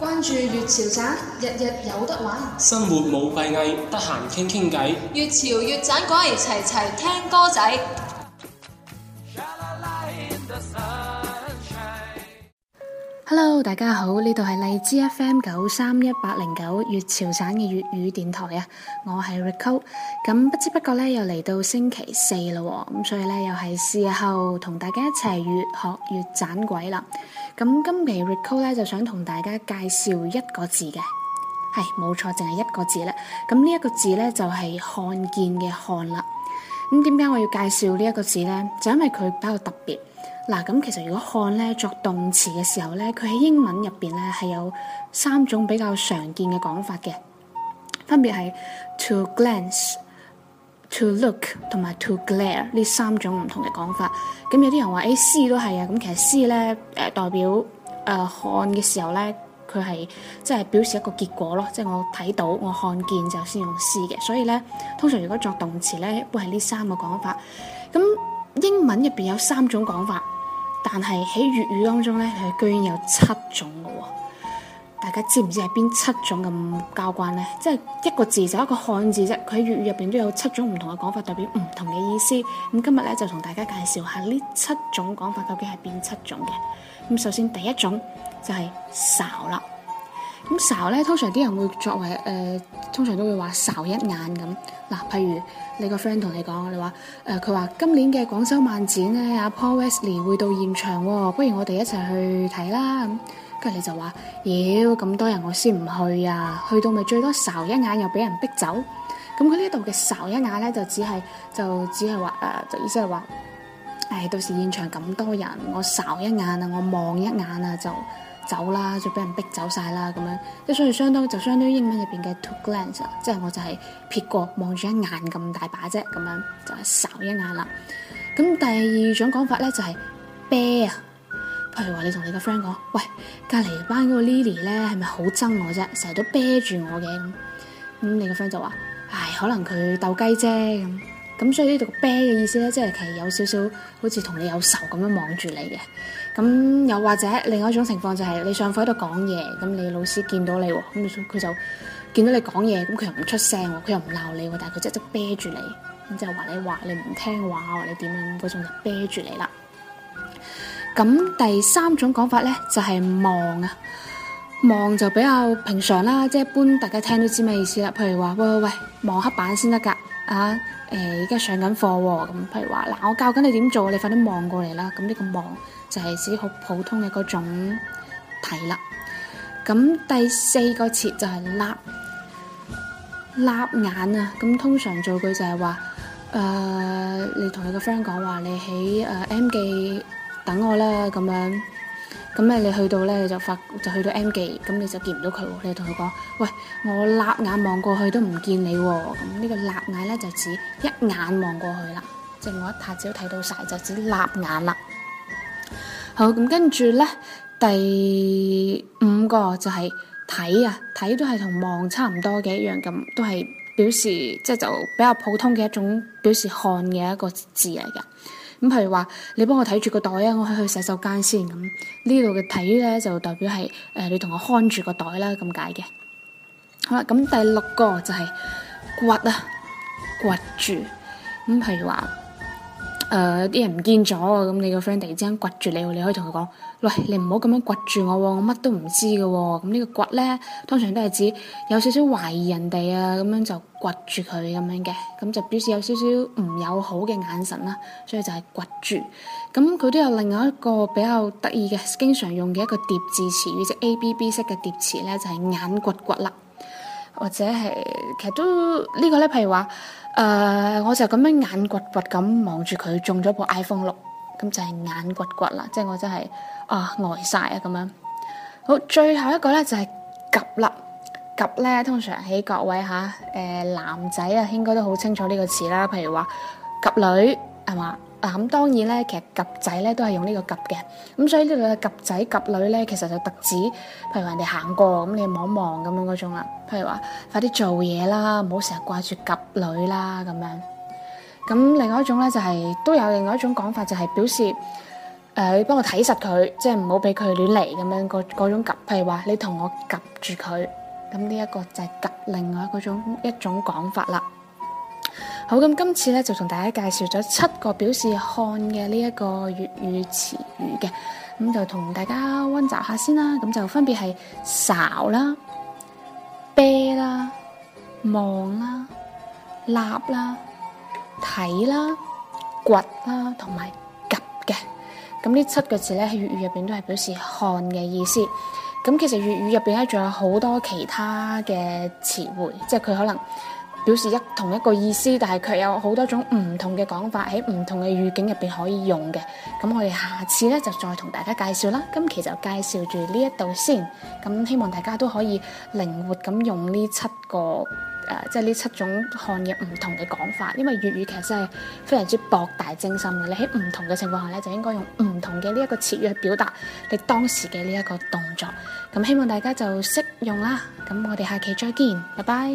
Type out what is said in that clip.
關注粵學越盞鬼，日日有得玩。生活冇閉翳，得閒傾傾偈。粵學越盞鬼齊齊，齊，聽歌仔。Hello，大家好，呢度係荔枝 FM 九三一八零九粵潮省嘅粵語電台啊，我係 Rico。咁不知不覺咧，又嚟到星期四咯喎，咁所以咧又係時候同大家一齊越學越盞鬼啦。咁今期 Rico 咧就想同大家介紹一個字嘅，係冇錯，淨係一個字啦。咁呢一個字咧就係、是、看見嘅看啦。咁點解我要介紹呢一個字咧？就因為佢比較特別。嗱，咁其實如果看咧作動詞嘅時候咧，佢喺英文入邊咧係有三種比較常見嘅講法嘅，分別係 to glance、to look 同埋 to glare 呢三種唔同嘅講法。咁有啲人話誒 see 都係啊，咁其實 see 咧誒代表誒、呃、看嘅時候咧，佢係即係表示一個結果咯，即係我睇到我看見就先用 see 嘅。所以咧，通常如果作動詞咧，會係呢三個講法。咁、嗯英文入邊有三種講法，但係喺粵語當中呢，佢居然有七種喎！大家知唔知係邊七種咁交關呢？即係一個字就一個漢字啫，佢喺粵語入邊都有七種唔同嘅講法，代表唔同嘅意思。咁、嗯、今日呢，就同大家介紹下呢七種講法究竟係邊七種嘅。咁、嗯、首先第一種就係哨啦。咁睄咧，通常啲人會作為誒、呃，通常都會話睄一眼咁。嗱、呃，譬如你個 friend 同你講，你話誒，佢話、呃、今年嘅廣州漫展咧，阿、啊、Paul Wesley 會到現場喎、哦，不如我哋一齊去睇啦。咁，跟住你就話，妖咁多人我先唔去啊，去到咪最多睄一眼又俾人逼走。咁佢呢度嘅睄一眼咧，就只係就只係話誒，呃、就意思係話，誒，到時現場咁多人，我睄一眼啊，我望一眼啊，就。走啦，就俾人逼走晒啦，咁樣，即所以相當就相當於英文入邊嘅 to glance，即係我就係撇過望住一眼咁大把啫，咁樣就一睄一眼啦。咁第二種講法咧就係啤呀，譬如話你同你個 friend 講，喂，隔籬班嗰個 Lily 咧係咪好憎我啫，成日都啤住我嘅，咁你個 friend 就話，唉，可能佢鬥雞啫，咁，咁所以呢度啤嘅意思咧，即係其實有少少好似同你有仇咁樣望住你嘅。咁又或者另外一種情況就係你上課喺度講嘢，咁你老師見到你喎，咁佢就見到你講嘢，咁佢又唔出聲喎，佢又唔鬧你喎，但係佢即即啤住你，咁就話你話你唔聽話，你點樣嗰種就啤住你啦。咁第三種講法咧就係望啊，望就比較平常啦，即係一般大家聽都知咩意思啦。譬如話，喂喂，望黑板先得㗎，啊誒，而家上緊課喎，咁譬如話嗱，我教緊你點做，你快啲望過嚟啦，咁呢個望。就係指好普通嘅嗰種睇啦。咁第四個詞就係擸眼啊！咁通常造句就係話，誒、呃，你同你個 friend 講話，你、呃、喺 M 記等我啦。咁樣咁咧，你去到咧你就發就去到 M 記，咁你就見唔到佢喎。你同佢講，喂，我擸眼望過去都唔見你喎。咁呢個擸眼呢，就指一眼望過去啦，即係 我一塌焦睇到晒，就指擸眼啦。好咁，跟住呢，第五個就係睇啊，睇都係同望差唔多嘅一樣，咁都係表示即係就比較普通嘅一種表示看嘅一個字嚟嘅。咁、嗯、譬如話，你幫我睇住個袋啊，我去去洗手間先咁。呢度嘅睇呢，就代表係誒、呃、你同我看住個袋啦，咁解嘅。好啦，咁、嗯、第六個就係 𥄫 啊，𥄫 住。咁、嗯、譬如話。.誒、啲、呃、人唔見咗，咁你個 friend 突然之間掘住你，你可以同佢講，喂，你唔好咁樣掘住我，我乜都唔知㗎。咁呢個掘咧，通常都係指有少少懷疑人哋啊，咁樣就掘住佢咁樣嘅，咁就表示有少少唔友好嘅眼神啦。所以就係掘住。咁佢都有另外一個比較得意嘅，經常用嘅一個疊字詞語，即係 A B B 式嘅疊詞咧，就係、是、眼掘掘啦。或者係其實都、這個、呢個咧，譬如話，誒、呃，我就咁樣眼掘掘咁望住佢中咗部 iPhone 六，咁就係眼掘掘啦，即係我真、就、係、是、啊呆晒啊咁樣。好，最後一個咧就係及啦，及咧通常喺各位嚇誒、啊呃、男仔啊，應該都好清楚呢個詞啦。譬如話及女係嘛。啊咁當然咧，其實 𥄫 仔咧都係用呢個 𥄫 嘅，咁、啊、所以呢個 𥄫 仔 𥄫 女咧，其實就特指，譬如話人哋行過，咁、嗯、你望一望咁樣嗰種啦，譬如話快啲做嘢啦，唔好成日掛住 𥄫 女啦咁樣。咁另外一種咧，就係、是、都有另外一種講法，就係、是、表示誒、呃、幫我睇實佢，即係唔好俾佢亂嚟咁樣嗰嗰、那個、種 𥄫，譬如話你同我 𥄫 住佢，咁呢一個就係 𥄫 另外嗰種一種講法啦。好咁，今次咧就同大家介紹咗七個表示看嘅呢一個粵語詞語嘅，咁就同大家溫習下先啦。咁就分別係睄啦、啤啦、望啦、立啦、睇啦、掘啦同埋 𥄫 嘅。咁呢七個字咧喺粵語入邊都係表示看嘅意思。咁其實粵語入邊咧，仲有好多其他嘅詞彙，即係佢可能。表示一同一個意思，但係佢有好多種唔同嘅講法，喺唔同嘅語境入邊可以用嘅。咁我哋下次咧就再同大家介紹啦。今期就介紹住呢一度先。咁希望大家都可以靈活咁用呢七個誒、呃，即係呢七種「看」嘅唔同嘅講法。因為粵語其實係非常之博大精深嘅。你喺唔同嘅情況下咧，就應該用唔同嘅呢一個詞語去表達你當時嘅呢一個動作。咁希望大家就識用啦。咁我哋下期再見，拜拜。